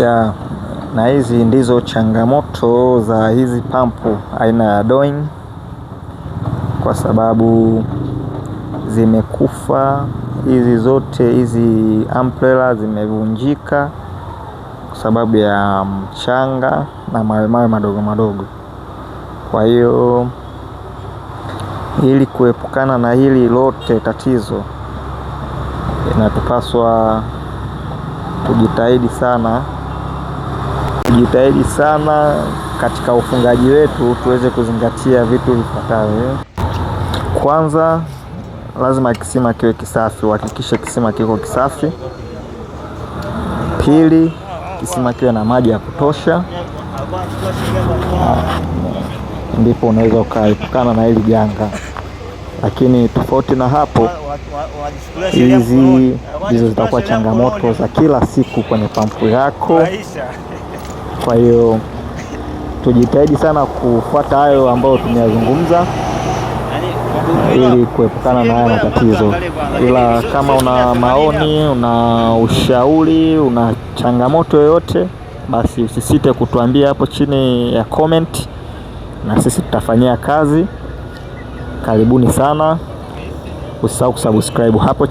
yeah. Na hizi ndizo changamoto za hizi pampu aina ya Doin kwa sababu zimekufa hizi zote, hizi amprela zimevunjika kwa sababu ya mchanga na mawe mawe madogo madogo. Kwa hiyo ili kuepukana na hili lote tatizo, inatupaswa kujitahidi sana tujitahidi sana katika ufungaji wetu tuweze kuzingatia vitu vifuatavyo. Kwanza, lazima kisima kiwe kisafi, uhakikishe kisima kiko kisafi. Pili, kisima kiwe na maji ya kutosha, ndipo unaweza ukaepukana na hili janga. Lakini tofauti na hapo, hizi ndizo zitakuwa changamoto za kila siku kwenye pampu yako. Kwa hiyo tujitahidi sana kufuata hayo ambayo tumeyazungumza ili kuepukana na haya matatizo. Ila kama una maoni, una ushauri, una changamoto yoyote, basi usisite kutuambia hapo chini ya comment, na sisi tutafanyia kazi. Karibuni sana, usisahau kusubscribe hapo chini.